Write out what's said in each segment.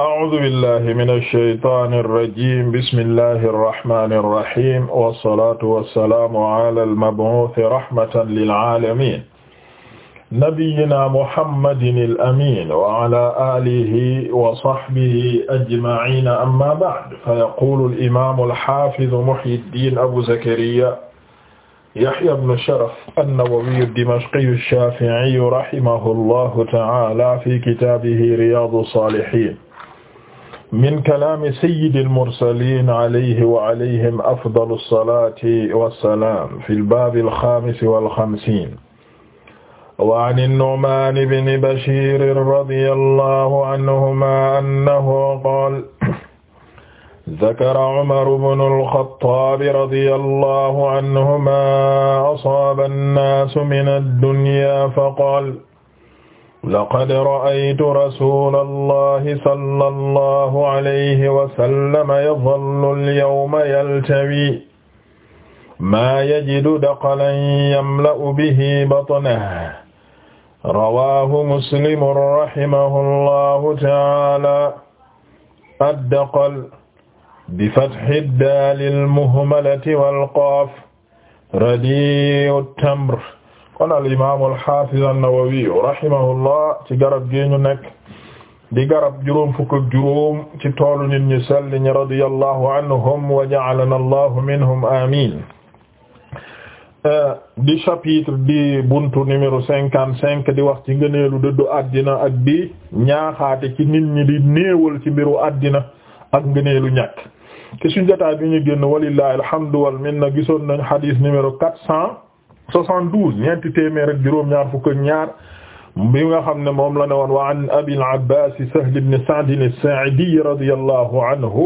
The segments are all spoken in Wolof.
أعوذ بالله من الشيطان الرجيم بسم الله الرحمن الرحيم والصلاة والسلام على المبعوث رحمة للعالمين نبينا محمد الأمين وعلى آله وصحبه أجمعين أما بعد فيقول الإمام الحافظ محي الدين أبو زكريا يحيى بن شرف النووي الدمشقي الشافعي رحمه الله تعالى في كتابه رياض الصالحين min kalaami sayyidil mursaliin alayhi wa alayhim afdalu salaati wa salaam fil baabil xaamis wal xamsiin. wa an Nu'maan ibn Bashiir radiyallaahu anhumaa annahu qaala zakara Umar ibnul Xattaab radiyallaahu anhumaa asaaba an-naas minad-dunyaa faqaala laqad ra'aytu rasuulallahi sallallahu alayhi wa sallam yadhallu al-yawma yaltawi maa yajidu daqalan yamla'u bihi batnahu rawaahu muslimun rahimahullahu ta'aala ad-daqal bi fathi ad-daal al-muhmalati wal qaaf radi'u at-tamr kon al imaam al xaafiz ci garab gii ñu nekk di garab juróom fukk ak juróom ci toolu nit ñu sell ñi anhum wa allahu minhum amiin euh, di chapitre di buntu numéro cinquante cinq di wax ci ngëneelu dëddu àddina ak di ñaaxaate ci nit ñi di néewal ci mbiru àddina ak ngëneelu ñàkk ci suñu jotaay bi ñu génn walillahi alhamdu wal gisoon nañ xadiis numéro 72 ñeenti téeméer ak juróom-ñaar fukk ñaar bi nga xam ne moom la ne woon wa an Abil Abbaas Sahl ibn Sa'd as-Saa'idi radiyallahu anhu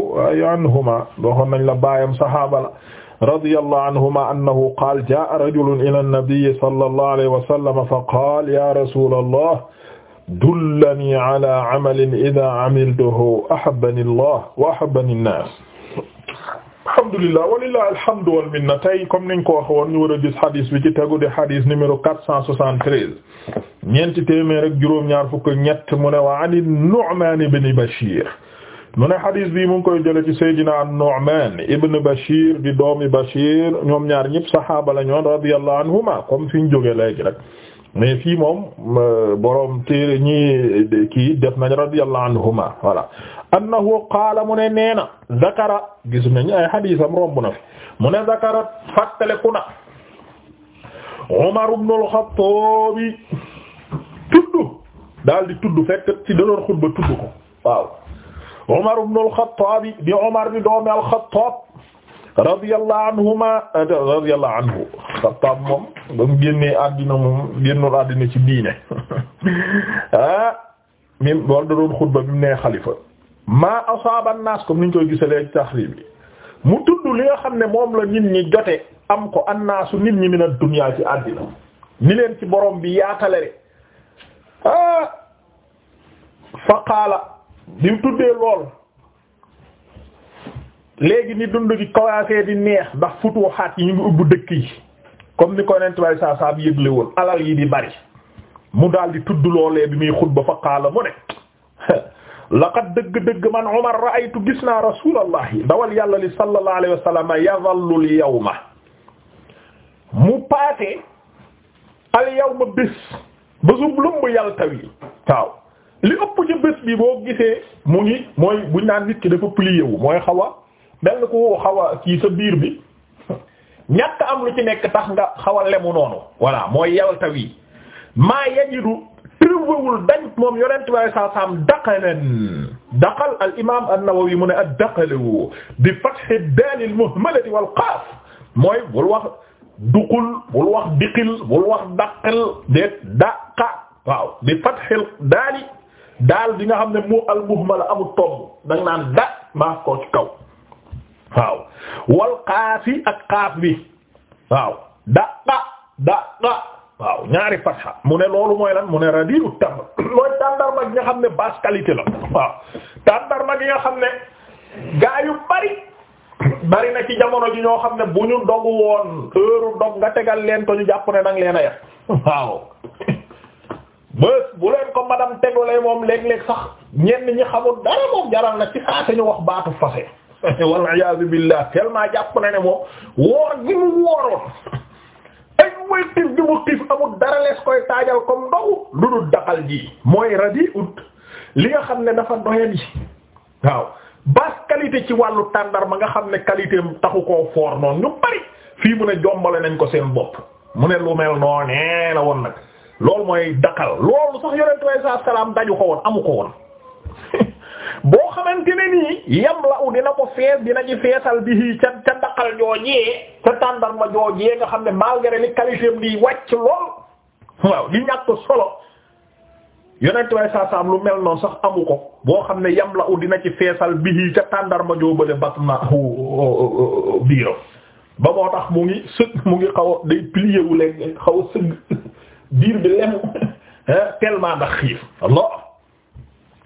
anhuma waxoon nañ la baayam saxaaba la radiyallahu anhuma annahu qaala jaa'a rajulun ila an-nabiyyi sallallahu alayhi wa sallam fa qaala ya rasuulallah dullanii ala amalin idhaa amiltuhu ahabbani Allah wa ahabbani an-naas alhamdulillah walillahi alhamdu wal minna tey comme niñ ko wax woon ñu war a gis xadis bi ci tegu di xadis numéro quatre cent soixante-treize ñeenti téeméer ak juróom-ñaar fukk ñett mu ne wa an Nu'man ibn Bashir mu ne xadis bi mu ngi koy jële ci Seydina Nu'man ibn Bashir di doomi Bashir ñoom ñaar ñëpp saxaaba la ñoon radiyallahu anhuma comme fi ñu jógee léegi rek mais fii moom euh, borom téere ñi kii def nañ radiyallahu anhuma voilà annahu qaala mu ne nee na zakara gis nañ ay xadiisam romb na fi mu ne zakara fàttaleku na Umar ibn al-Khattab tudd daal di tudd fekk ci daloon xutba tudd ko waaw Umar ibn al-Khattab di Umar bi doomi al-Khattab radiyallahu anhuma eh, radiyallahu anhu Xattaab moom ba mu génnee àddina moom génnul àddina ci diine ah mi loolu da doon xutba bi mu nee xalifa maa asaaba naas comme ni ñu koy gisalee taxriib bi mu tudd li nga xam ne moom la nit ñi jote am ko annaasu nit ñi mina dunyaa ci àddina ni leen ci borom bi yaatale rek eh, fa qaala bi mu tuddee lool. léegi ni dund gi commencé di neex ndax futuxaat yi ñu ngi ubbu dëkk yi comme ni ko nent way saa yëgle woon alal yi di bari mu daal di tudd loolee bi muy xutba fa qaala mu ne laqad dëgg-dëgg man Umar ra'aytu gis naa rasulallahi dawal yàlla li sallallahu alayhi wa sallam yazallul yawma mu paase al yawma bés bésub lumb yaltawi waaw li ëpp ci bés bi boo gisee mu ngi mooy buñ naan nit ki dafa plié mooy xawa benn ku xaw a kii sa biir bi ñàkk am lu ci nekk tax nga xaw a noonu voilà mooy yaltaw yi maa yajidu trouvéwul dañ moom yonent bi saa saam daqalan daqal al imaam an-Nawawi mu ne ad-daqalu bi fathi daal al-muhmalati wal qaaf mooy bul wax duqul bul wax diqil bul wax daqal déet daqa bi fathi daali daal di nga xam ne mu al-muhmala amul tomb da nga naan da maa ko ci kaw. waaw wal xaafi ak xaaf bi waaw daqa daqa waaw ñaari fatxa mu ne loolu mooy lan mu ne radiru tam mooy tàndarma gi nga xam ne basse qualité la waaw tàndarma gi nga xam ne gaa yu bari bari na ci jamono ji ñoo xam ne bu ñu dogu woon heure dog nga tegal leen ko ñu jàpp ne danga leen a yet waaw bés bu leen ko madame tegalee moom léeg-léeg sax ñenn ñi xamul dara moom jaral na ci saa ñu wax baatu fase wal iyaazu billah tellement jàpp na ne moom woor gi mu wooroon ay mooy xiif gi mu xiif amul dara lees koy taajal comme ndoxu lu dul daqal ji mooy radi ut li nga xam ne dafa doyal yi waaw basse qualité ci wàllu tàndar ma nga xam ne qualité taxu ko foor noonu ñu bari fii mu ne jombale nañ ko seen bopp mu ne lu mel noonee la woon nag loolu mooy daqal loolu sax yonentu way sa salaam daju ko woon amu ko woon boo xamante ne nii yam la u dina ko fees dina ci feesal bi ca ca daqal joojee ca tàndar ma joojee nga xam ne malgré li qualité am di wàcc lool waaw di ñàkk solo yonent way saa saam lu mel noonu sax amu ko boo xam ne yam la u dina ci feesal bi ca tàndar ma joo bële bat ba moo tax mu ngi sëg mu ngi xaw day plié wu léeg xaw a biir bi lem tellement ndax xiif Allah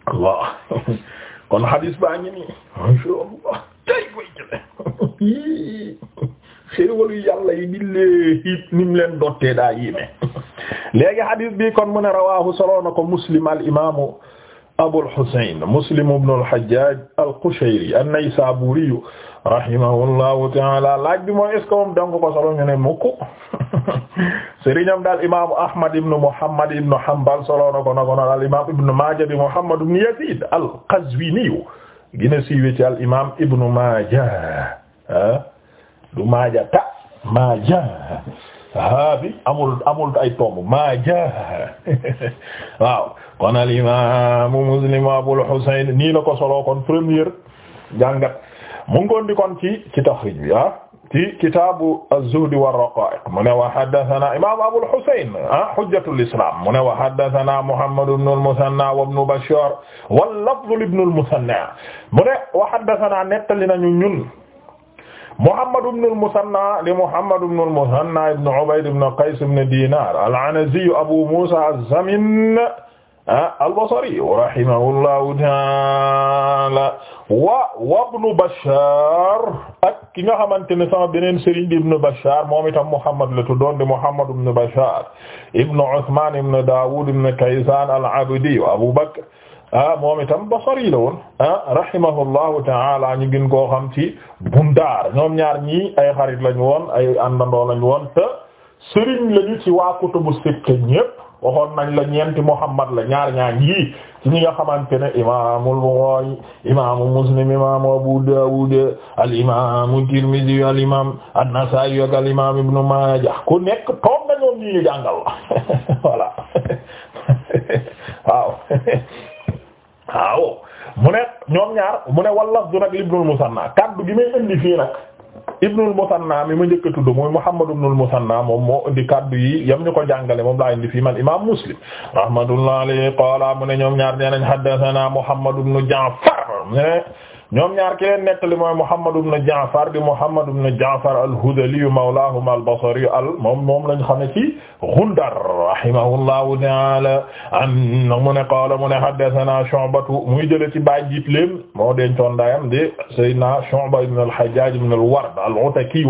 Allah kon hadis baa ngi nii masha Allah tay koy jële xéewalu yàlla yi billee it nim leen dottee daa yéeme léegi hadis bi kon mu ne rawahu solo na ko muslim al imaamu Abul Husayn Muslim ibn al-Hajjaj al-Qushayri an-Naysaburi rahimahullahu ta'ala laaj bi mooy est-ce que moom danga ko solo ñu ne mukk sëriñam daal imaamu Ahmad ibn Muhammad ibn Hanbal solo na ko na ko na al imaam Ibn Maaja bi Muhammad ibn Yazid al-Qazwini gina siiwee ci al imaam Ibn Maaja ah du Maaja ta Maaja ah bi amul amul ay tomb Maaja waaw. kon al imaamu Muslim Abul Husayn nii la ko soloo kon première jàngat mu ngi koon di kon ci ci taxrij bi ah ci kitaabu az-zuhd wa raqaa'iq mu ne wa haddasanaa imaam Abul Husayn ah hujjatul islaam mu ne wa haddasanaa Muhammad ibn al-Musanna wa ibn Bashaar wal lafz li ibn al-Musanna mu ne wa haddasanaa nettali nañu ñun Muhammad ibn al-Musanna li Muhammad ibn al-Musanna ibn Ubayd ibn Qays ibn Diinaar al-Anazi Abu Muusaa az-Zamin Ah, al-Basri rahimahullahu taala wa wabnu Bashar ak ki nga xamante ne sama beneen sëriñ di ibnu Bashar moom itam Muhammad la tuddoon di Muhammad ibnu Bashar ibnu Usman ibnu Dawud ibnu Kaysan al-Abdi wa Abu Bakr ah moom itam Basri la woon ah rahimahullahu taala ñu gën koo xam ci Bundaar ñoom ñaar ñii ay xarit lañu woon ay àndandoo lañu woon te sëriñ lañu ci waa kutubu sitta ñépp waxoon nañ la ñeenti Muhammad la ñaar ñaar ñii ci ñi nga xamante imaamul Bukhari imaamu Muslim imaamu Abu Dawud al imaamu Tirmidhi al imaam An-Nasa'i al imaam Ibn Majah ku nekk toog na ñoom ñii jàngal la waaw waaw mu ne ñoom ñaar mu ne wallaf du nag Ibnul Musanna kaddu gi may indi fii nag Ibnul Musanna mi ma njëkk a tudd mooy Muhammad ibnul Musanna moom moo indi kaddu yi yam ñu ko jàngale moom laa indi fii man imaam Muslim rahmatullahi alayhi qaala mu ne ñoom ñaar nee nañ haddathana Muhammad ibnu Ja'far ñoom ñaar ki leen nettali mooy Muhammad ibn Ja'far di Muhammad ibn Ja'far al-Hudhali mawlahum al-Basri al moom moom lañ xame ci Ghundar rahimahullahu ta'ala an mu ne qaala mu ne haddathana Shu'batu muy jële ci baay jiit leen moo dencoon ndayam di Sayyidina Shu'ba ibn al-Hajjaj ibn al-Ward al-Ataki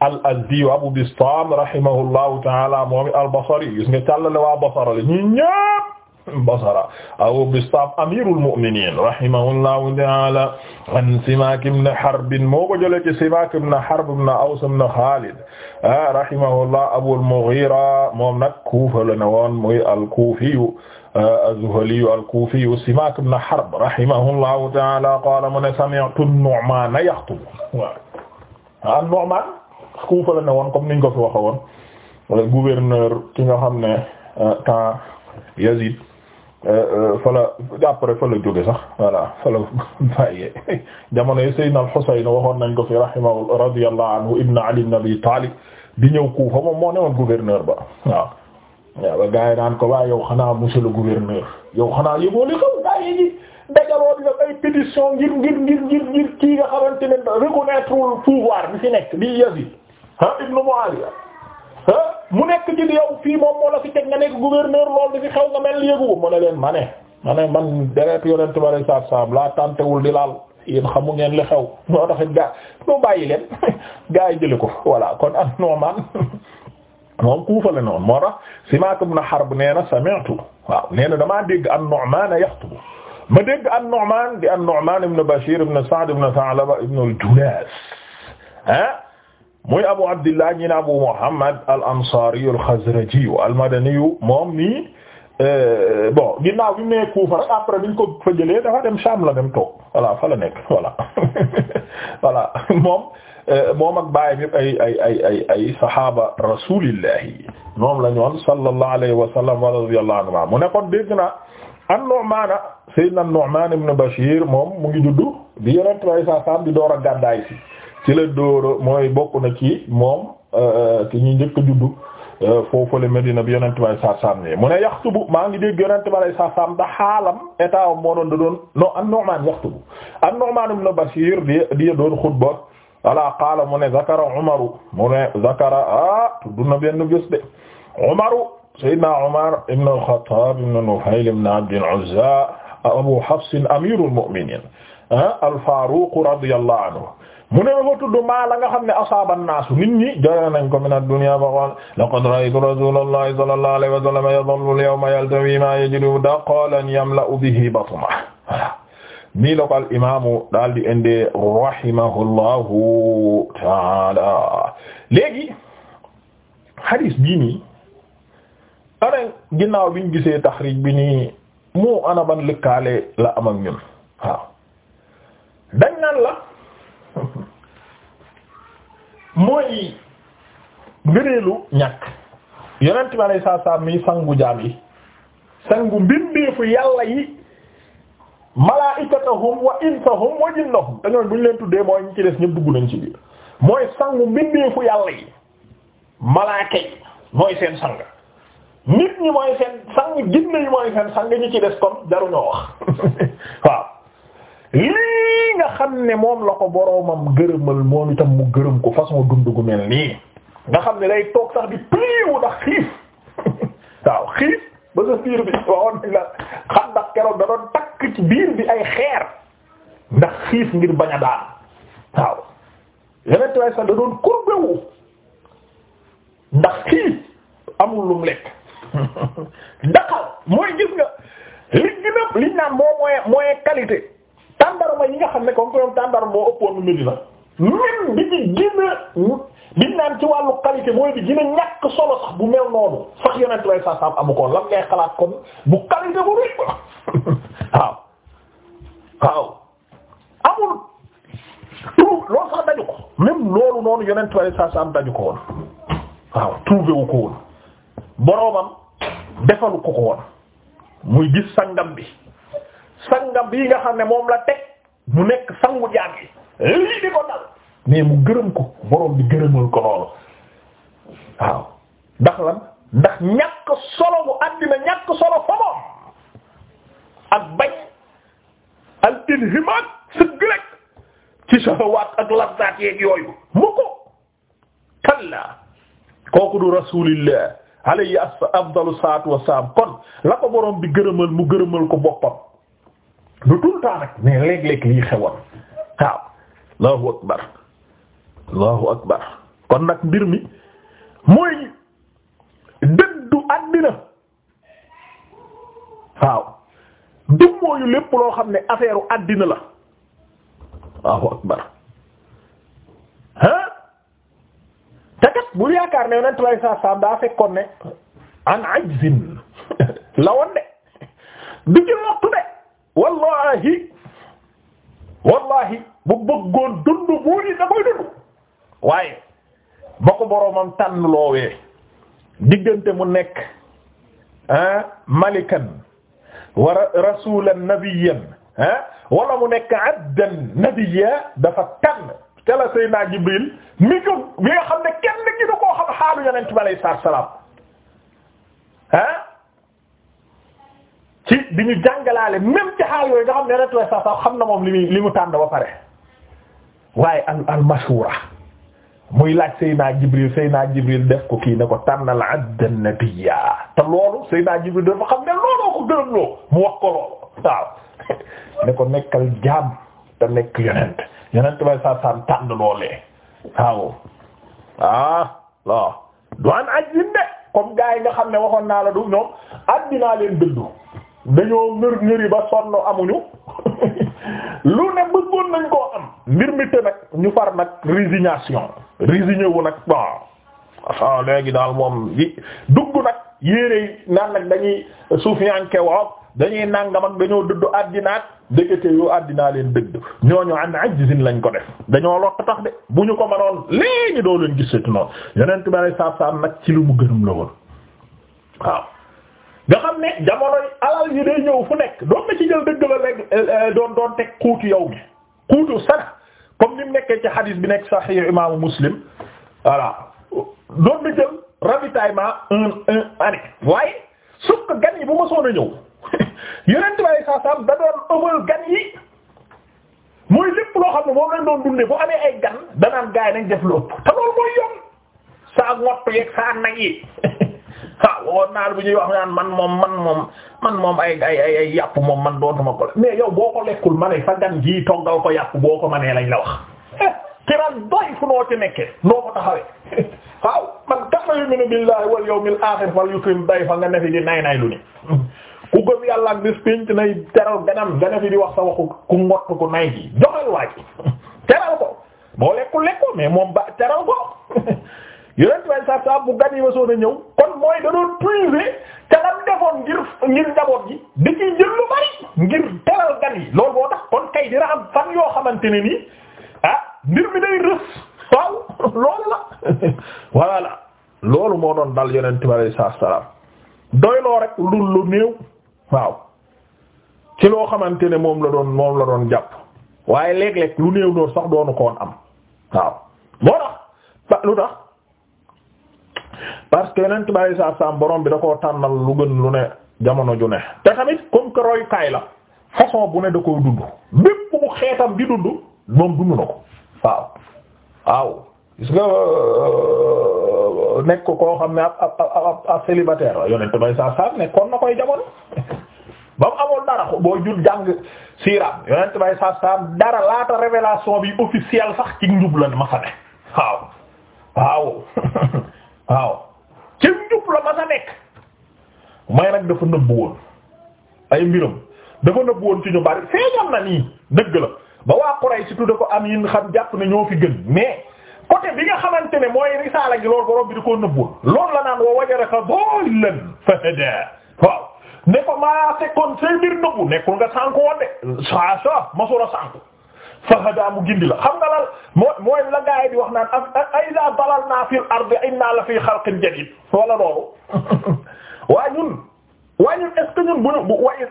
al-Azdi Abu Bistam rahimahullahu ta'ala moom al-Basri gis nga càllale waa Basra la ñi ñépp basara aw bistaam amirul mu'minin rahimahullahu ta'ala an simak ibn harb moo ko jëlee ci simak ibn harb ibn aws ibn khalid ah, rahimahullah abul mughira moom nag kuufa la ne woon muy al-kufiyu az-zuhliyu ah, al-kufiyu simak ibn harb rahimahullahu ta'ala qala man sami'tu an-nu'man yaxtub an-nu'man ah, kuufa la ne woon comme niñ ko fi waxe woon gouverneur ki nga xam ne temps Yazid Euh, euh, fa la après fa la jóge sax voilà fa la bàyyee jamono yi Seydina al-Husayn waxoon nañ ko fi rahimahu radiyallahu anhu ibn Ali ibn Abi Talib di ñëw Kufa moom moo newoon gouverneur ba waaw waaw ba gars yi naan ko waaye yow xanaa monsieur le gouverneur yow xanaa yëgoo li xam gars yi ji dajaloo di def ay pétition ngir ngir ngir ngir ngir kii nga xamante ne reconnaître wul pouvoir bi fi nekk di Yazid ah ibn Muawiya mu nekk ci yow fi teg nga nekk loolu fi xew nga mel ni yëgu ma ne leen ma ne ma ne man deret yonent ba lay saab saab laa tàntewul di laal xa xamu ngeen li xew ñoo taxit gaa ñoo bàyyi leen gaa yi jëli ko voilà kon am Nu'man moom kuufale noonu moo tax Simaak ibn Harb nee na sami'tu waaw nee na damaa dégg an-Nu'man yaxtubu ma dégg an-Nu'man di an-Nu'man ibn Bashir ibn Sa'd ibn Tha'laba ibn al-Julas ah muy abu abdillah ñi ne abu muhammad al ansari al xazraji al madani moom nii euh, bon ginnaaw bi mu nee Kufa rek après ko fa jëlee dafa dem Sham la dem toog voilà fa la nekk voilà voilà moom euh, moom ak baayam yëpp ay ay ay ay ay saxaaba rasulillahi moom la ñu woon sallallahu alayhi wa sallam mu ne kon dégg na an-Nu'man sayyidina an Bashir moom mu ngi juddu di yore 300 di door a gàddaay ci la dóora mooy bokk na ci moom euh, ki ñu njëkk a juddu euh, foofale Medina bi yonent bi saa saam ne mu ne yaxtubu maa ngi dégg yonent bi saa saam da xaalam état am moo doon da doon non an-Nu'man yaxtubu an di di doon xutba voilà qaala mu ne Zakara Umaru mu ne Zakara ah, na benn bés de al-Khattab al-Uzza Abu Hafs amirul mu ne ko tudd maa la nga xam ne asaaba naasu nit ñi jara nañ ko min ad-dunya fa qaala laqad ra'aytu rasulallahi sallallahu alayhi wa sallam yadhallu al-yawma yaltawi ma yajidu daqalan yamla'u bihi batnahu nii la ko al imaamu daal di indee rahimahullahu taala léegi hadis bii nii ana ginnaaw biñ gisee taxrij bi nii mu ana ban lëkkaale la am ak ñun waaw la mooy ngëneelu ñàkk yonent bi alayhi salaatu saa mi sangu jaam yi sangu mbindeefu yàlla yi malaa'ikatahum wa insahum wa jinnahum te ñooñu bu ñu leen tuddee mooy ñu ci des ñëpp dugg nañ ci biir mooy sangu mbindeefu yàlla yi malaaka yi mooy seen sang nit ñi mooy seen sang jinne yi mooy seen sang ñi ci des kon jaruñoo wax waaw lii nga xam ne moom la ko boroomam gërëmal moom itam mu gërëm ko façon dund gu mel nii nga xam ne day toog sax di priwu ndax xiif waaw xiif ba sa biir bi waxoon nañ la xam ndax keroog da doon takk ci biir bi ay xeer ndax xiif ngir baña a daan waaw yeneen tubaab sax da doon kurbewu ndax xiif amul lum lekk ndax mooy gis nga li gën a li ñu moo mooy mooy qualité. tàndarma yi nga xam ne comme que ñoom moo ëppoon Medina même bi ci gën a biñ naan ci wàllu qualité mooy bi gën a ñàkk solo sax bu mel noonu sax yonent lay sa sam amu ko lan ngay xalaat kon bu waaw waaw amul trouve loolu sax daju ko même loolu noonu wu ko woon boroomam defalu ko ko woon muy gis sangam bi sangam bi nga xam ne moom la teg mu nekk sangu jaam yi lii di ko dal mais mu gërëm ko borom bi gërëmal ko loolu waaw ndax lan ndax ñàkk solo bu àddina ñàkk solo fa ak bañ al inhimaat sëgg rek ci sahawaat ak lazzaat yeeg yooyu mu ko kalla kooku du rasulillah alayhi afdalu salaatu wassalaam kon la ko borom bi gërëmal mu gërëmal ko boppam lu tout le temps nag mais léeg lii xewoon waaw allahu akbar allahu akbar kon nag mbir mi mooy dëddu àddina waaw dummóoyu lépp loo xam ne affaire àddina la allahu akbar ah te kat bul yaakaar ne yonent lay saa saam daa fekkoon ne an ajzin la woon de du ci lottu de wallahi wallahi bu bëggoon dund buuri da koy dund waaye ba ko boroomam tànn loowee diggante mu nekk ah malikan wa rasulan nabiyan ah wala mu nekk abdan nabiyya dafa tan ca la Seydina Jibril mi ko bi nga xam ne kenn gi da koo xam xaalu yonent bi alayhi salaam ah ci di ñu jàngalaale même ci xaal yooyu nga xam ne retway sa sa xam na moom li muy li mu tànn ba pare waaye al al muy laaj Seydina Jibril Seydina Jibril def ko kii ne ko tànnal abd nabiyya te loolu Seydina Jibril dafa ne ko gërëm loo mu wax ko jaam te nekk yonent yonent bay sa san tànn waaw ah lo doan aj lin de comme yi nga xam ne waxoon naa la du ñoom addinaa leen dëddu dañoo ngër ngëri ba sonn amuñu lu ne bëggoon nañ koo am mbir mi te nag ñu far nag résignation résigné wu nag bon léegi daal moom gi dugg nag yéere naan nag dañuy suufiyanke waaw dañuy nàngam ak dañoo dëdd àddinaat dëkkate yoo àddinaa leen dëdd ñooñu an ajjizin lañ ko def dañoo lott tax de bu ñu ko manoon léegi doo leen gisati noonu yonent bi sallallahu alayhi wasallam nag ci lu mu gërëm la woon waaw nga xam ne jamonoy alal yi day ñëw fu nekk doon na ci jël dëgg la rek eh, eh, doon doon teg xuutu yow bi xuutu sana comme ni mu nekkee ci hadis bi nekk sahih imaamu muslim voilà doon na jël ravitaillement un un année waaye sukk gan yi bu ma soon a ñëw yeneen tubaab saa saam da doon ëmmal gan yi mooy lépp loo xam ne moo lañ doon dundee bu amee ay gan danaan gaay nañ def lu te loolu mooy yoon saa ngott yeeg saa nag yi. waaw woon naa bu ñuy wax naan man moom man moom man moom ay ay ay ay yàpp moom man dootuma ko lekk mais yow boo ko lekkul ma fa gan jii toggal ko yàpp boo ko manee lañ la wax. xiral eh, doy fu noo ci nekkee noo ko taxawee waaw man kaana yu'minu billahi wal yawmil aaxir fal yukrim dayfa nga ne fi di nay nay lu ni ku gëm yàlla ak bis nay teral ganam nga ne di wax sa waxu ku ngott ku nay ji joxal waaj teral ko boo lekkul lekkoo mais moom ba teral ko yonent way sa sa bu gan yi ma soon ñëw kon mooy da doon puiser te lam defoon ngir ngir njaboot gi di ciy jël lu bari ngir teral gan yi loolu boo tax kon kay dina am fan yoo xamante ne nii ah mbir mi day rës waaw loolu la voilà loolu moo doon dal yonent bi alay salaam doy loo rek lu lu waaw ci loo xamante ne moom la doon moom la doon jàpp waaye léeg-léeg lu néew loolu sax doonu koon am waaw moo tax lu tax parce que yonent bi alayhi salaatu borom bi da koo tànnal lu gën lu ne jamono ju ne te tamit comme que roy la façon bu ne da koy dund bépp bu xeetam di dund moom dund na ko waaw waaw gis euh, nekk koo xam ne ab ab ab ab célibataire la yonent bi saa saa nekkoon na koy jamono ba mu amoon dara boo jul jàng siiraam yonent bi saa saa dara laata révélation bi officielle sax ci njub la ma fa waaw waaw waaw ci njub la ma sa nekk may nag dafa nëbb woon ay mbiram dafa nëbb woon ci ñu bari feeñam na nii dëgg la ba waa Quraysh si tudde ko am yin xam jàpp ne ñoo fi gën mais côté bi xamante ne mooy risaala gi loolu borom bi di koo ne ko maa fekkoon say mbir nëbbu nekkul nga sànku woon de saa saa masula sànku fahada mu gindi la xam nga lan moo mooy la gaay wax naan a iza dalalna fil ardi inna la fi xalqin jadid wala loolu waa ñun waa ñun est ñun bu ñu bu waaye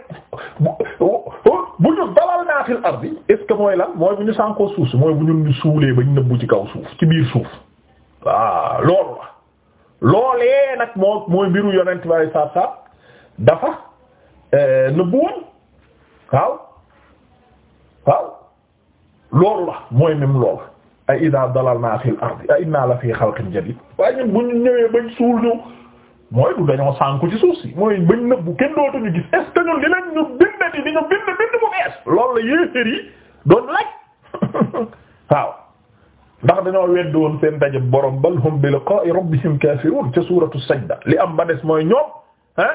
bu ñu dalalna fil ardi est mooy lan mooy bu ñu sànkoo suuf si mooy bu ñun suulee ba ñu nëbbu ci kaw suuf ci biir suuf waaw loolu la loolee nag moo mooy mbiru yonent bi saa saa dafa eh, nëbbu waaw waaw loolu la mooy même loolu a ida dalalna fil ardi a inna la fii xalqin jadid waaye ñun bu ñu ñëwee bañ suul ñu mooy du dañoo sànku ci suuf si mooy bañ nëbbu kenn dootuñu gis est ce que ñun dinañ ñu bindati di ñu bind bind bu bees loolu la yéeféer yi doon laaj waaw ndax dañoo wedd woon seen daje borom bal hum bi liqa'i rabbihim kafirun ca suuratu sajda li am ba des mooy ñoom ah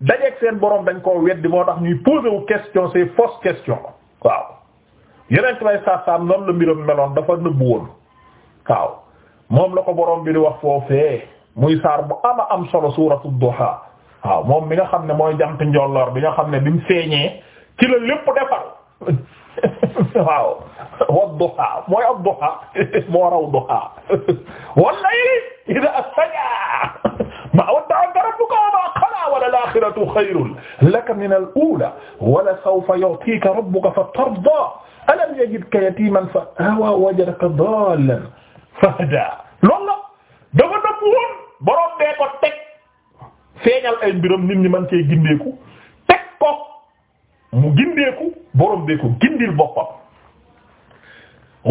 dajeeg seen borom dañ koo weddi moo tax ñuy poser wu question c'est fausse question waaw yeneen ci lay saasaam noonu la mbiram meloon dafa nëbbu woon waaw moom la ko borom bi di wax foofee mu saar bu ama am solo suuratu duha waaw moom mi nga xam ne mooy jant njolloor bi nga xam ne bi mu feeñee ci la lépp defar waaw wa duha mooy ab duha moo raw duha wal aaxiratu xayrun laka mina al-uulaa wa lasawfa yu'tiika rabbuka fatardaa alam yajidka yatiman fa awa wajadaka dallan fa hada loolu la dafa nëbb borom bee ko teg feeñal ay mbiram nit ñi man cee gindeeku teg ko mu gindeeku borom bee ko gindil boppam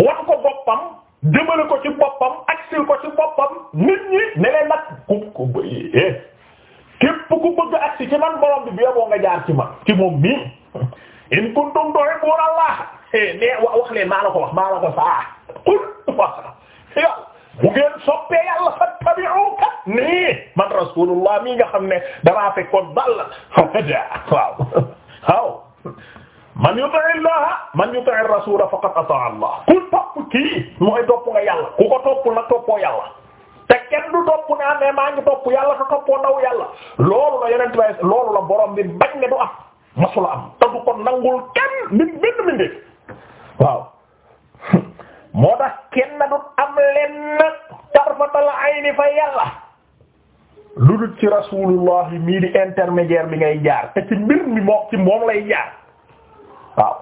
wax ko boppam jëmale ko ci boppam agsil ko ci boppam nit ñi ne leen nag ku ku eh képp ku bëgg agsi ci man borom bi bi yaboo nga jaar ci ma ci moom mii in kuntum tuhibbuna Allah Eh, mais wax leen maa ko wax maa la ko saa ah. qul nga xam ne damaa fekkoon dal waaw waaw man yuti'i llaha man yuti'i rasula faqad ata'a allah ko topp na toppoo yàlla te kenn maa ngi topp yàlla te toppoo ndaw yàlla nangul kenn nit benn mi waaw moo tax kenn du am lenn tarfatal ayni fa yàlla lu dul ci rasulullah mii di intermédiaire bi ngay jaar te ci mbir mi ci moom lay jaar waaw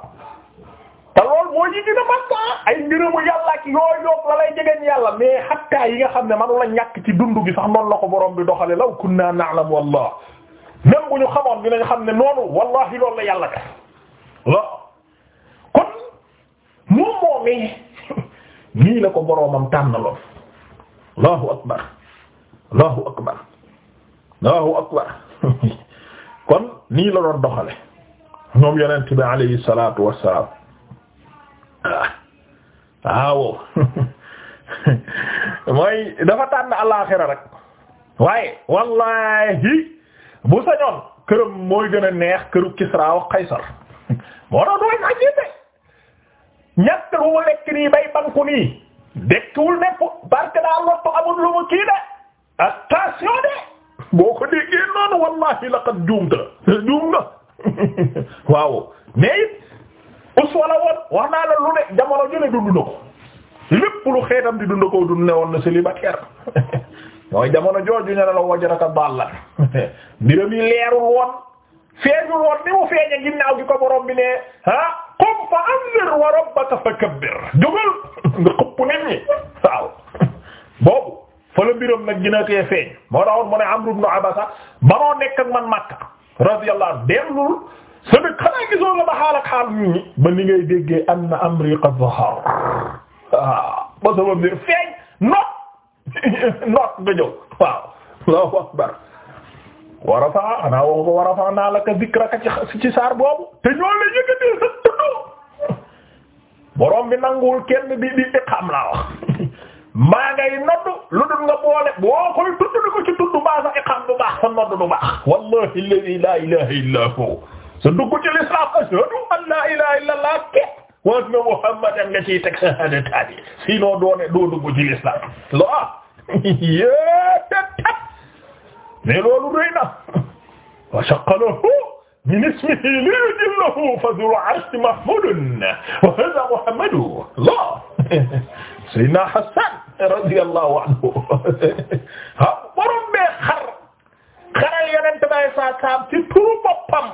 te loolu moo ji dina makka ah. ay ngërëmu yàlla ak yoo yokk la lay jegeñ yàlla mais xattaa yi nga xam ne manu la ñàkk ci dund gi sax noonu la ko bi doxale law kunna na'lam wallah même bu ñu xamoon dinañ xam ne noonu wallahi loolu la yàlla def waaw mais nii la ko boroomam tànnaloon allahu akbar allahu akbar allahu akbar kon nii la doon doxale ñoom yonent bi alayhi salaatu wassalaam ah, waaw mooy dafa tànn alaaxira rek waaye wallahi bu sañoon këram mooy gën a neex këru Kisra wa Qaysar moo doon doon ak ñett lu mu lekk nii bay banku nii dekkiwul nepp barke daa lottu amul lu mu kii de attention de boo ko déggee noonu wallahi laqad juumta juum nga waaw mais it woon wax naa la lu ne jamono ju ne dund na lu xeetam di dund ko dund ne woon na célibataire mooy jamono jooju ne la wajaraka dalla mbiram leerul woon feeñul woon ni mu feeñee ginnaaw gi ko borom bi ne ah qum fa anzir wa rabbaka fakabbir jógal nga xupp nit ñi waaw boobu fa la mbiram nag gën a tee feeñ moo taxoon mu ne Amru ibn Abasa banoo nekk ak man Makka radiyallahu anhu dellul sa dëkk xanaa gisoo la ba xaal ak xaal nit ñi ba ni ngay déggee anna amri qad zahar ah ba sama mbir feeñ not not nga ñëw waaw Allahu akbar war a faa xanaa waxu ko war ka ci saar boobu te ñoo la yëkkatee sa tudd borom bi nanguwul kenn di lu dul boole boo koy tudd di ko ci tudd baax sa iqaam du baax sa nodd du baax wallahi alladhi illa hu sa dugg ci l'islam ashhadu an la ilaha illa allah ke wa anna muhammadan nga ciy teg shahadataani sinon doone doo dugg ci l'islam lo ah yéetat mais loolu rëy na wa shaqalahu min ismihi li yujillahu fa dhul arshi mahmudun wa hadha muhammadu allah sayyidina hasan radiyallahu anhu ha borom bee xar xaral yonent bay sa saam ci turu boppam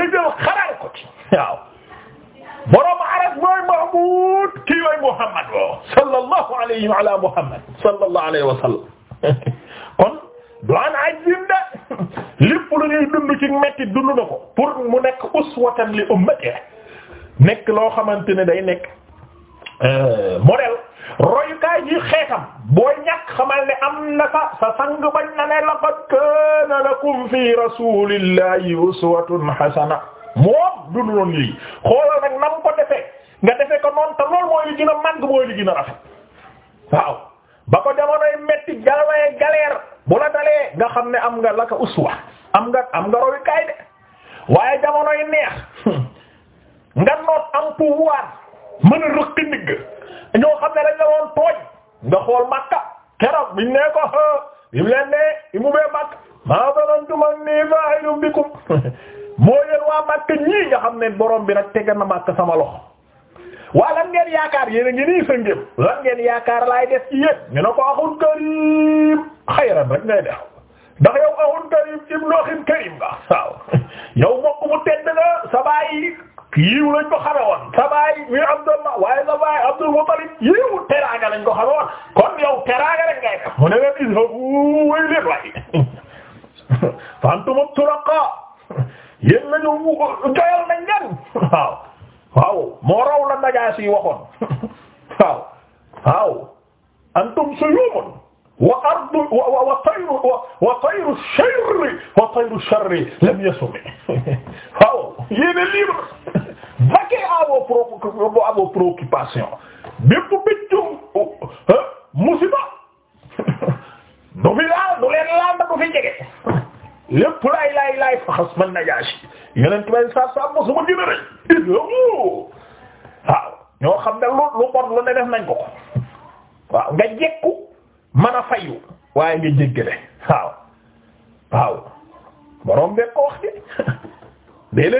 la jël xaral ko ci waaw borom aras mooy mahmud kii mooy muhammad sallallahu alayhi wa ala muhammad sallallahu alayhi wa sallam kon du an ajjin de lu ñuy dund ci metti dund na ko pour mu nekk uswatan li ummati nekk loo xamante ne day nekk euh, modèle royukaay ji xeetam booy ñàkk xamal ne am na fa sa sang bañ na ne laqad kana lakum fi rasulillahi uswatun hasana moom dund noon lii xoolal nag nam ko defee nga defee ko noonu te mooy li gën a màgg mooy li gën a rafet waaw ba ko jamonoy metti galwaye galère bu la dalee nga xam ne am nga laka uswa am nga am nga royu kaay de waaye jamonoy neex nga noot am pouvoir mën a rëq ndigg ñoo xam ne la woon tooñ nga xool Makka keroog biñ ne ko yimu leen ne i mu bee Makka maa zanantum nii faa'ilun bikum moo yéen waa Makka ñii nga xam ne boroom bi nag tega na Makka sama loxo waa lan ngeen yaakaar yéen a ngi nii sëngéem lan ngeen yaakaar laay def ci yéen ñu ne ko axun karim xayran rek ngay def ndax yow axun karim ibnu axin karim nga waaw yow mbokk mu tedd nga sa baay yiiw lañ ko xame woon sa baay mi Abdullah waaye sa baay Abdul Muttalib yiiw teraanga lañ ko xame kon yow teraanga rek ngay mu ne leen izhabu way leen waay fa antum turaqa yéen nañu joyal nañ leen waaw waaw moo raw la najaas yi waxoon waaw waaw antum suyumun wa ardu wa wa tayru wa tayru sharri wa tayru sharri lam yasumi waaw yéena libre vaquez à vos à vos préoccupations bépp béccum euh, musiba du fi laal du leen laal da du fi jege lépp laay laay laay fa xas man Najaashi yeneen tubaab yi saa saa mos a gën a rëy. waaw ñoo xam ne lu lu bon lu ne def nañ ko ko waaw fayu waaye nga jéggale waaw waaw borom beeg ko wax de del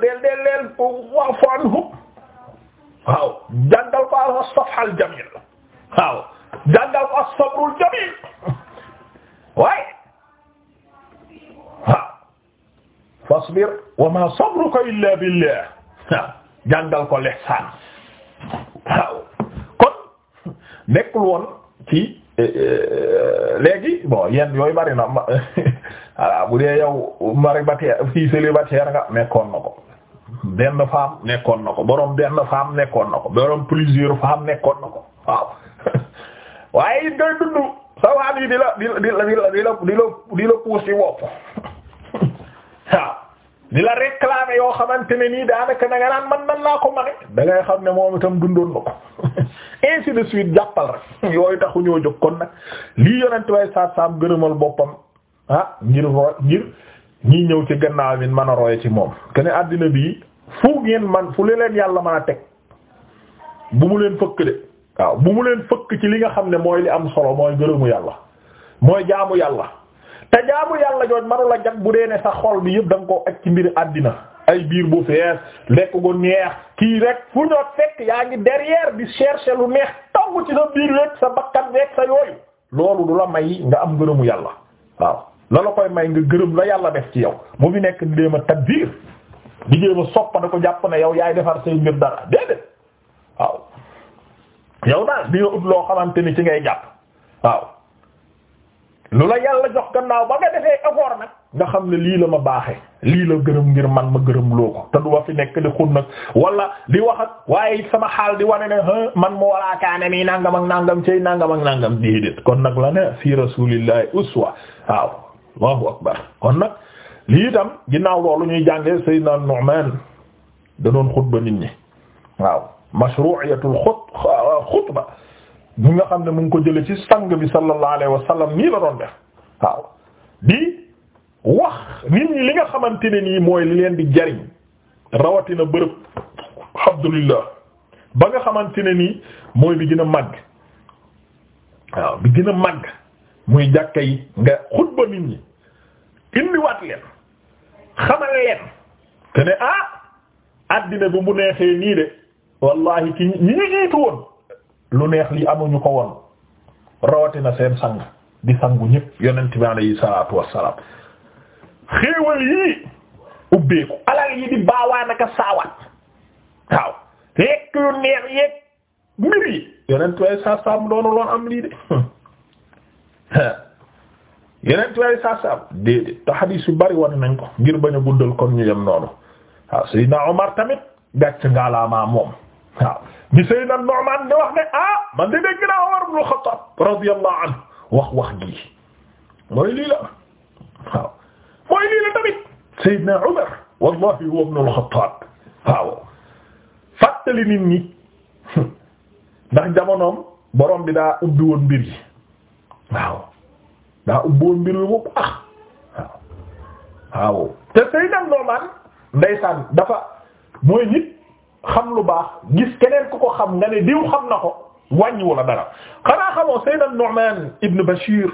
del del del waaw foo am waaw jàngal ko al safhal jamil waaw. jàngal ko as-sabrul jamil waaye waaw fasbir wa ma sabruka illa billah jàngal ko lihsan waaw kon nekkul woon ci eh, eh, léegi bon yenn yooyu bari na voilà bu dee yow maribataire fii célibataire nga nekkoon na ko benn femme nekkoon na ko borom benn femme nekkoon na ko borom plusieurs femmes nekkoon na ko waaw waaye it ngay dund sawaab yi di la di la di la di la di la wopp waaw di la réclamer yoo xamante ne nii daanaka da nga naan man man laa ko mane da xam ne moom itam dundoon na ko ainsi de suite jàppal rek yooyu taxu ñoo jóg kon nag lii yonent way saat saam gërëmal boppam ah ngir ngir ñi ñëw ci gannaaw mi a roye ci moom te ne àddina bii fu ngeen man fu leen yàlla mën a teg bu mu leen fëkk de waaw bu mu leen fëkk ci li nga xam ne mooy li am solo mooy gërëmu yàlla mooy jaamu yàlla te jaamu yàlla jooj manula jag bu dee ne sa xol bi yëpp da ko ak ci mbiri àddina ay biir bu fees lekk ko neex kii rek fu ñoo fekk yaa ngi derrière di chercher lu neex togg ci sa biir rek yooyu loolu du la may nga am gërëmu yàlla waaw la la koy may nga gërëm la yàlla def ci yow mu fi nekk di ma tadbiir di ma soppa da ko jàpp na yow yaay defar say mbir yow daal dina ut loo xamante ni ci ngay jàpp waaw lu la yàlla jox gannaaw ba nga defee effort nag nga xam ne lii la ma baaxee lii la gërëm ngir man ma gërëm loo ko te du wa fi nekk di xun nag wala di wax ak waaye sama xaal di wane ne man moo laakaane mi nangam ak nangam cay nangam ak nangam déedéet kon nag la ne fi rasulillahi uswa waaw allahu akbar kon nag lii itam ginnaaw loolu ñuy jànge sayyidna Nu'man da doon ba nit ñi waaw mashru'iyatul xutba ñu nga xam ne mu ngi ko jële ci sang bi sallallahu alayhi wa sallam nii la doon def waaw wax nit ñi li nga xamante ne nii mooy li leen di jariñ rawatina bërëb alhamdulillah ba nga xamante ne nii mooy bi gën a màgg waaw bi gën a màgg muy jàkka yi nga xutba nit ñi indiwaat leen xamal leen te ne ah addina bu mu neexee nii de wallahi ki ñi ñu jiitu woon lu neex li amuñu ko woon rawatina seen sang di sangu ñëpp yonent bi alayhi salaatu wassalaam xéewal yii ubbeeku alal yi di baawaanaka saawaat waaw lekk yu neex yeeg mbir yi yonent bi alayhi salaatu doonu loon am lii de yeneen tuwaay saasaam déedéet te xadiis yu bari wane nañ ko ngir bañ a guddal kon ñu yem noonu waaw Seydina Omar tamit gàcc ngaalaama moom waaw bi Seydina Nu'man di wax ne ah man de dégg naa Umar ibn Khattab radiyallahu anhu wax wax gi mooy lii la waaw mooy lii la tamit Seydina Umar wallahi huwa ibn al-Khattab waaw fàttali nit ñi ndax jamonoom borom bi daa ubbi woon mbir yi waaw daa ubbi woon mbir yi bu baax waaw waaw te Seydina Nu'man ndeysaan dafa mooy nit xam lu baax gis keneen ku ko xam nga ne diw xam na ko wàññiwu la dara xanaa xamoo Sayyid an-Nu'man ibn Bashir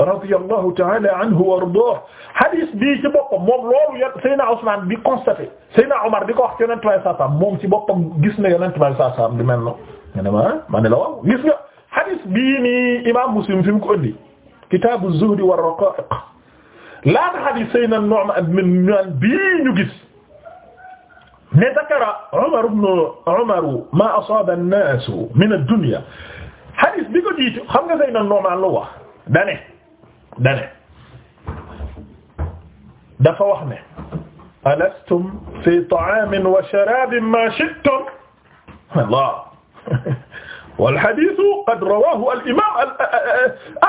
radiyallahu ta'ala anhu wa ardaah hadith bii ci boppam moom loolu yëpp Sayyidina bi constaté Sayyidina Umar di ko wax bi saa saam moom ci boppam gis na Yonent bi saa saam di mel noonu nga ne ma ma ne la gis nga hadith bii nii imaam Muslim fi mu ko indi kitaabu zuhdi war raqaa'iq laata hadith gis. ne dakara Umar ibn Umar ma asaaba an-naas min ad-dunya hadis bi ko jiitu xam nga Seydina Nu'maan lu wax dane dane dafa wax ne alastum fi ta'aamin wa sharaabin maa shi'tum Allah wal hadiis qad rawaahu al-imaam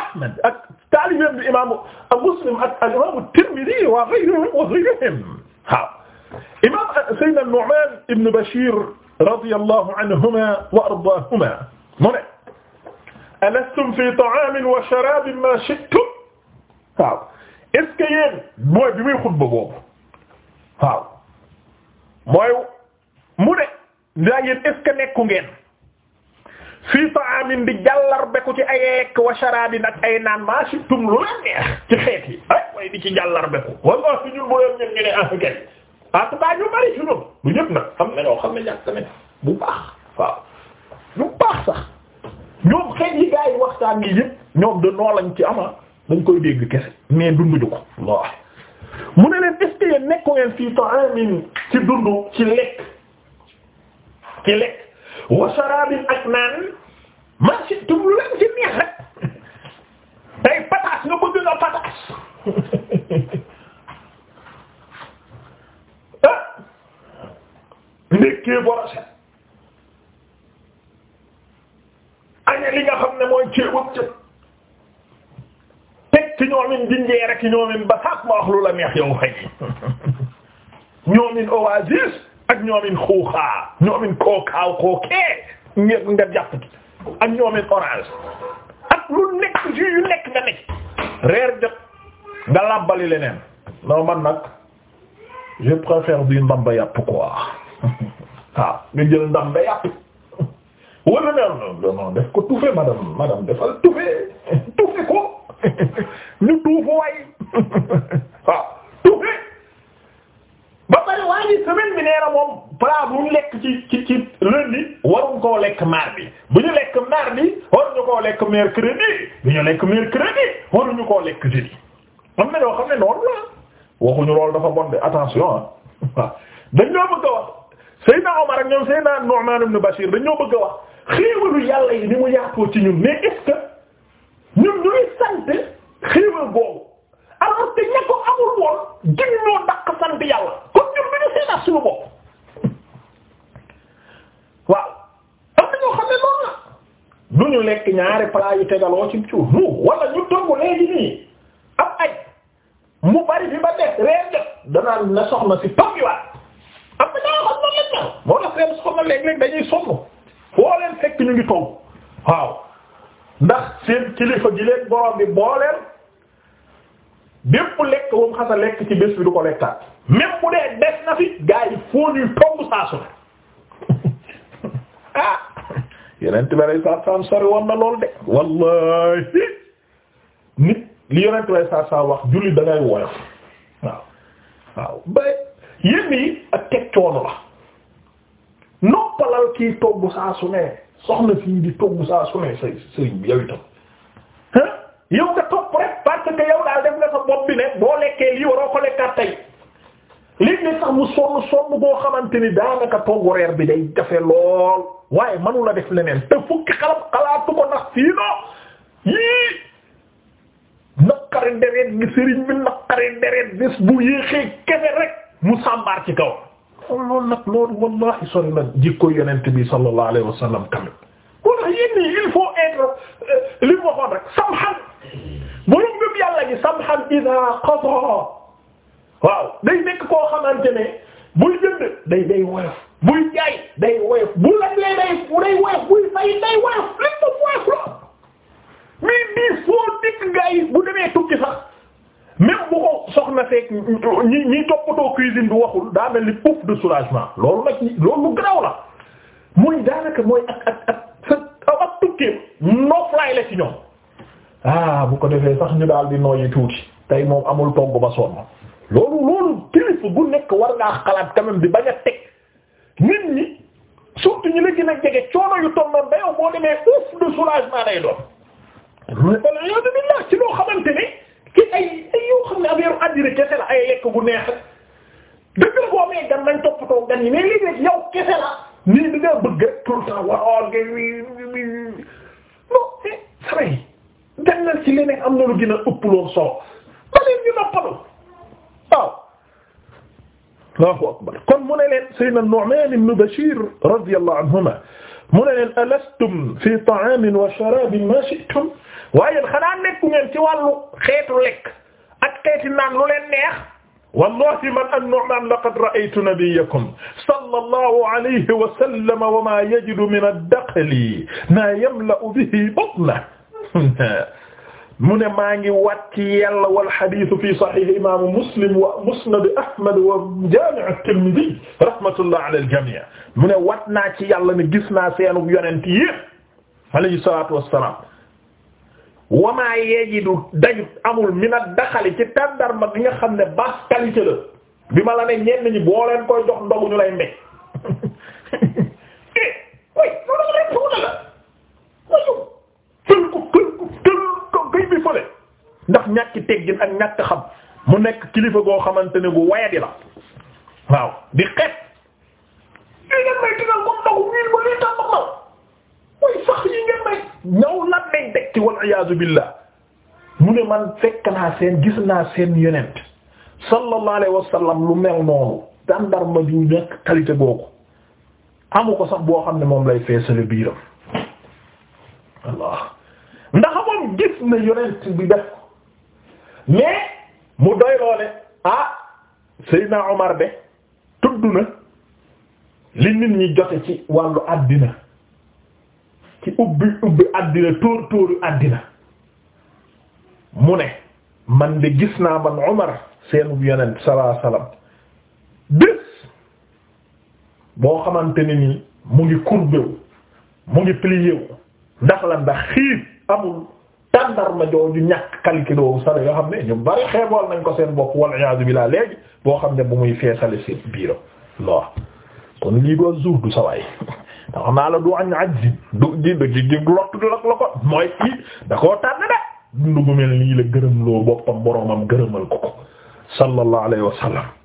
Ahmad ak taalibeem bi imaam Muslim ak al-imaam at-Tirmidhi wa ghayrihim wa ghayrihim waaw imam Seydina Nu'man ibn Bashir radiyallahu anhuma wa ardaahuma mu ne alastum fi ta'aamin wa sharaabin maa shi'tum waaw est-ce que yéen mooy bi muy xutba boobu waaw mooy mu ne daa yéen est-ce que nekku ngeen fii ta'aamin di jàllar beku ci ay lekk wa sharaabin ak ay naan maa shi'tum lu leen neex ci xeet yi ay way di ci jàllar beku walla si ñun bu leen ñun ñu ne ah kay en tout cas ñu bari ci ñoom ñëpp nag am na xam ne ñàkk nañ bu baax waaw bu baax sax ñoom xëy yi gars yi waxtaan yi yëpp ñoom de noo lañ ci ama ah. dañ koy dégg kese mais dunduñu ko mu ne leen est nekku ngeen fii ta'amin ci dund ci lekk ci lekk wa ak naan man ci lu leen ci neex rek tey pataas nga bëgg nga pataas ndekkee borose aña li nga xam ne mooy ceebam cëb teg ci ñoomin jinjeer ñoomin basaat ma wax lu la ñoomin oasis ak ñoomin xuuxaa ñoomin kookaaw kookee ñépp nga jàpp ci ak ñoomin orange ak lu nekk jus yu nekk nga nekk reer jot nga làbbali leneen non nag je préfère du ndamba yàpp quoi waaw ah, nga jël ndam ba yàpp wala non non def ko tufe madame madame defal tufe ko ñu tuufu waay waaw ah, tufe ba pare waa ji semaine bi nee na moom plat lekk ci ci ci lundi waruñ koo lekk mardi bu ñu lekk mardi waruñu koo lekk mercredi bu ñu lekk mercredi waruñu koo lekk jeudi am na yoo xam ne noonu la waxuñu loolu dafa bon de attention ah waaw dañ wax. Seydina Omar ak ñoom Seydina Nu'man ibn Bashir dañoo bëgg wax xéewalu yàlla yi ni mu yaatoo ci ñun mais est ñun ñuy sant xéewal boobu alors que ña ko amul woon gën ñoo daq sant yàlla kon ñun bi ñu seetaat suñu bopp waaw am na ñoo xam ne noonu la du ñu lekk ñaari plat yu tegaloo ci cuur mu wala ñu togg léegi nii am aj mu bari fi ba def reer def danaa na soxna si toggiwaat moo tax seen soxna léeg-léeg dañuy sonn foo leen fekk ñu ngi toog waaw ndax seen kilifa gi leen borom bi booleel bépp lekk ba mu lekk ci bés bi du ko lekkaat même bu dee des na fi gars foo ah, nit li yeneen tibere saa saa wax julli da woyof waaw waaw ba yéen yi ak teg coono la. noppalal kii togg saa su ne soxna fii di togg saa su ne say sëriñ bi yow itam yow nga topp rek parce que yow daal def nga sa bopp bi ne boo lekkee lii waroo ko lekkaat tey léegi ne sax mu sonn sonn boo xamante ni daanaka togg reer bi day jafe lool waaye manu la def leneen te fukki xalam xalaatu ko ndax fii noo yii naqari deret gi sëriñ bi naqari deret bés bu yéexee kese rek mu sàmbaar ci kaw Oh, loolu nag loolu wallahi sori na jikko yonent bi sallallahu alayhi wa sallam tamit moo tax yéen ñii il faut être euh, li mu waxoon rek samhan borom gëm yàlla gi samhan idaa qadaa day nekk koo xamante ne buy jënd day day day woyof bu la lee day day woyof buy fay day woyof lépp woyof la mais bu demee tukki sax même bu ko soxna seeg ñi ñi toppatoo cuisine bi waxul daa mel ni de soulagement loolu nag loolu lu la muy daanaka mooy ak ak ak sa ak tukkee noflaay la ci ñoom ah bu ko defee sax ñu daal di nooyi tuuti tey moom amul togg ba sonn loolu loolu kilifa gu nekk war ngaa xalaat quand même bañ a teg nit ñi surtout ñu la gën jege coono yu toll noonu ba demee ouf de soulagement day doon. alhamdulilah ci loo xamante ni. ci ay ay yoo xam ne affaire àddina kese la ay lekk bu neex dëgg la boo mee gan nañ toppatoo gan yi mais léegi yow kese la nii da ngaa bëgg rek tout le temps waaw nga wii wii non eh sama yi gànnaaw ci leneen am na lu gën a ëpp loolu solo ba leen ñu noppalu waaw. Allahu akbar kon mu ne leen Sayyidina Nu'man ibn Bashir radiyallahu anhuma mu ne leen alastum fi ta'amin wa sharabin ma shi'tum waaye xanaa nekku ngeen ci wàllu xeetu lekk ak xeeti naan lu leen neex wallahi man an-Nu'man laqad ra'aytu nabiyyakum sallallahu alayhi wa sallam wa ma yajidu min ad-daqli ma yamla'u bihi batnahu mu ne maa ngi waat ci yàlla wal hadith fi sahih imam muslim wa musnad ahmad wa jami' at-Tirmidhi rahmatullah ala al-jami' mu ne waat naa ci yàlla ne gis naa seenu yonent yi alayhi salatu wassalam wamaa yeejidu dajut amul mi na daxali ci tàndarma bi nga xam ne basse qualité la bi ma la ne ñenn ñi boo leen koy jox ndogu ñu lay mbéj ndax ñàkki teggin ak ñàkk xam mu nekk kilifa goo xamante ne gu waya di la waaw di xet lii ngeen may dinal moom ndogu wiin ba lii tax way sax yi ngeen may ñaw la ci wal iyaazu billah mu ne man fekk naa seen gis naa seen yonent sallallahu alayhi wa lu mel noonu dandar ma ju nekk qualité boobu amu ko sax boo xam ne moom lay feesale biiram Allah ndax moom gis na yonent bi def mais mu doy ah Seydina Omar de tudd na li nit ñi jote ci wàllu àddina ci ubbi ubbi àddina tóor tóoru àddina mu ne man de gis naa man Umar seenub yonent salaa salaam bés boo xamante ne nii mu ngi courbé mu ngi plié ndax la ndax xiif amul tàndarma jooju ñàkk qualité doowu sara yoo xam ne ñu bari xeebool nañ ko seen bopp wal iyaazu billaah léegi boo xam ne bu muy feesale seen biiro lool kon lii doo zuhdu sawaay te wax naa la du añ aj ji du ji du ji lott la ko mooy kii da koo tànn de dundu gu mel nii la gërëm loo boppam boromam gërëmal ko ko sallallahu alayhi wa sallam